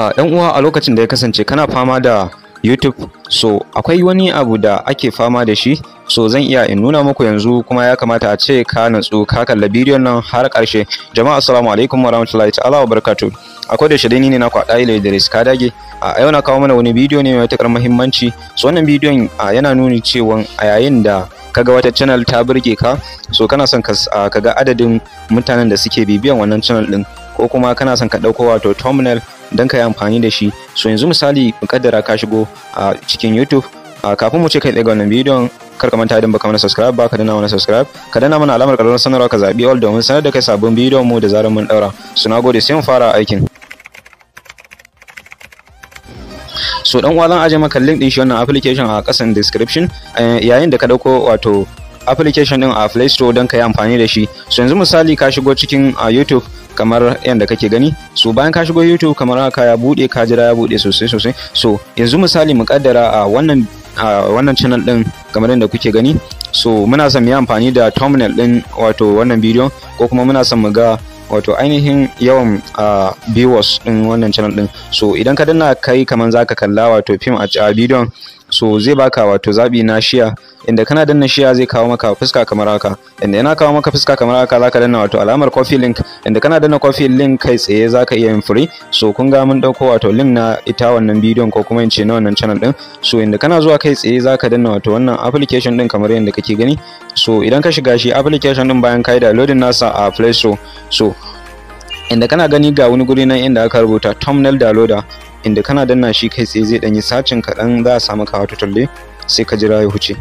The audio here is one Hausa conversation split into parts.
Ah, yan uwa a lokacin da ya kasance kana fama da YouTube so akwai wani abu da ake fama da shi so zan iya in nuna muku yanzu kuma ya kamata a ce ka natsu ka kalla bidiyon nan har karshe jama'a assalamu alaikum warahmatullahi ta'ala wa barakatuh akwai da shirini ne naku a ɗaile Idris ka dage a yau na kawo mana wani bidiyo ne mai matukar muhimmanci so wannan bidiyon yana nuni cewa a yayin da kaga wata channel ta burge ka so kana son ka ga adadin mutanen da suke bibiyan wannan channel din ko kuma kana son ka ɗauko wato thumbnail don ka yi amfani da shi so yanzu misali kaddara ka shigo a cikin youtube kafin mu ce kai daga wannan bidiyon kar ka manta idan baka mana subscribe ba ka dana mana subscribe ka dana mana alamar karar sanarwa ka zabi all domin sanar da kai sabon bidiyon mu da zarar mun daura so gode sai mu fara aikin so dan uwa zan aje maka link din shi wannan application a kasan description eh, yayin da ka dauko wato application din a Play Store don ka yi amfani da shi so yanzu misali ka shigo cikin a YouTube kamar yadda kake gani so bayan ka shigo YouTube kamar haka ya bude ka jira ya bude sosai sosai so yanzu misali mu kaddara a wannan a wannan channel din kamar yadda kuke gani so muna son mu yi amfani da thumbnail din wato wannan bidiyon ko kuma muna son mu ga wato ainihin yawan viewers din wannan channel din so idan ka danna kai kaman zaka kalla wato film a bidiyon so zai baka wato zabi na shiya inda kana danna shiya zai kawo maka fuska kamar haka inda yana kawo maka fuska kamar haka zaka danna wato alamar coffee link inda kana danna coffee link kai tsaye zaka iya yin free so kun ga mun dauko wato link na ita wannan bidiyon ko kuma in ce na wannan channel din so inda kana zuwa kai tsaye zaka danna wato wannan application din kamar yadda kake gani so idan ka shiga shi application din bayan kai downloading nasa a Play Store so inda kana gani ga wani guri nan inda aka rubuta thumbnail downloader inda kana danna shi kai tsaye zai danyi sacin kaɗan za a samu ka talle sai ka jira ya huce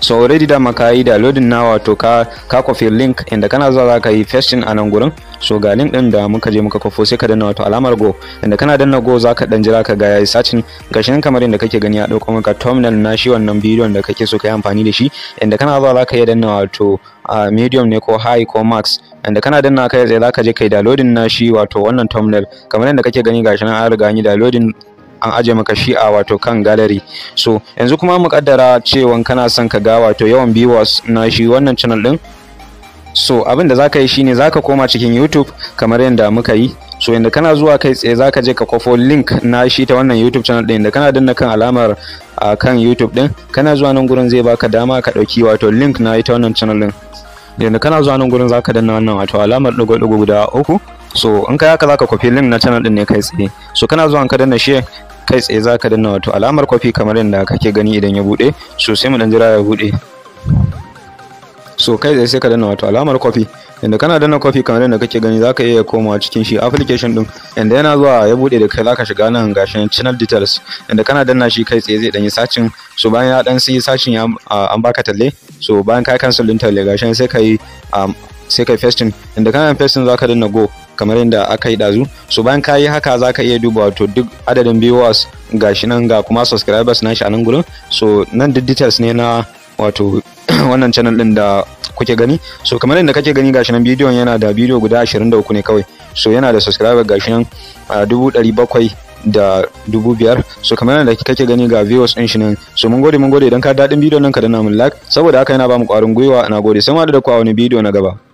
so already da maka yi da loading na wato ka ka kofi link inda kana zuwa za ka yi pasting a nan gurin so ga link din da muka je muka kofo sai ka danna wato alamar go inda kana danna go za ka dan jira ka ga yayi searching Gashin kamar inda kake gani a dauko maka thumbnail na shi wannan bidiyon da kake so ka yi amfani da shi inda kana zuwa za ka yi danna wato a medium ne ko high ko max inda kana danna kai tsaye za ka je kai downloading na shi wato wannan thumbnail kamar yadda kake gani gashi nan an riga ni downloading an aje maka shi a wato kan gallery so yanzu kuma mu kaddara cewa kana son ka ga wato yawan viewers na shi wannan channel din so abin da zaka yi shine zaka koma cikin YouTube kamar yadda muka yi so inda kana zuwa kai tsaye zaka je ka kwafo link na shi ta wannan YouTube channel din da kana danna kan alamar a kan YouTube din kana zuwa nan gurin zai baka dama ka dauki wato link na ita wannan channel din yanda kana zuwa nan gurin zaka danna wannan wato alamar dogo dogo guda uku so in kai haka zaka kwafi link na channel din ne kai tsaye so kana zuwa ka danna share kai tsaye zaka danna wato alamar kofi kamar yadda kake gani idan ya bude so sai mu dan jira ya bude so kai tsaye sai ka danna wato alamar kofi inda kana danna kofi kamar yadda kake gani zaka iya komawa cikin shi application din inda yana zuwa ya bude da kai zaka shiga nan gashin channel details inda kana danna shi kai tsaye zai dan yi searching so bayan ya dan sai sacin ya an baka talle so bayan ka cancel din talle gashin sai kai um, sai kai fasting inda kana fasting zaka danna go kamar yadda aka yi ɗazu so bayan ka yi haka za ka iya duba wato duk adadin viewers ga shi nan ga kuma subscribers na shi a nan gurin so nan duk details ne na wato wannan channel din da kuke gani so kamar yadda kake gani ga shi nan bidiyon yana da bidiyo guda 23 ne kawai so yana da subscriber shi nan a dubu dari bakwai da dubu biyar so kamar yadda kake gani ga viewers din shi nan so mun gode mun gode idan ka daɗin bidiyon nan ka danna mun like saboda haka yana ba mu ƙwarin gwiwa na gode sai mu haɗu da ku a wani bidiyo na gaba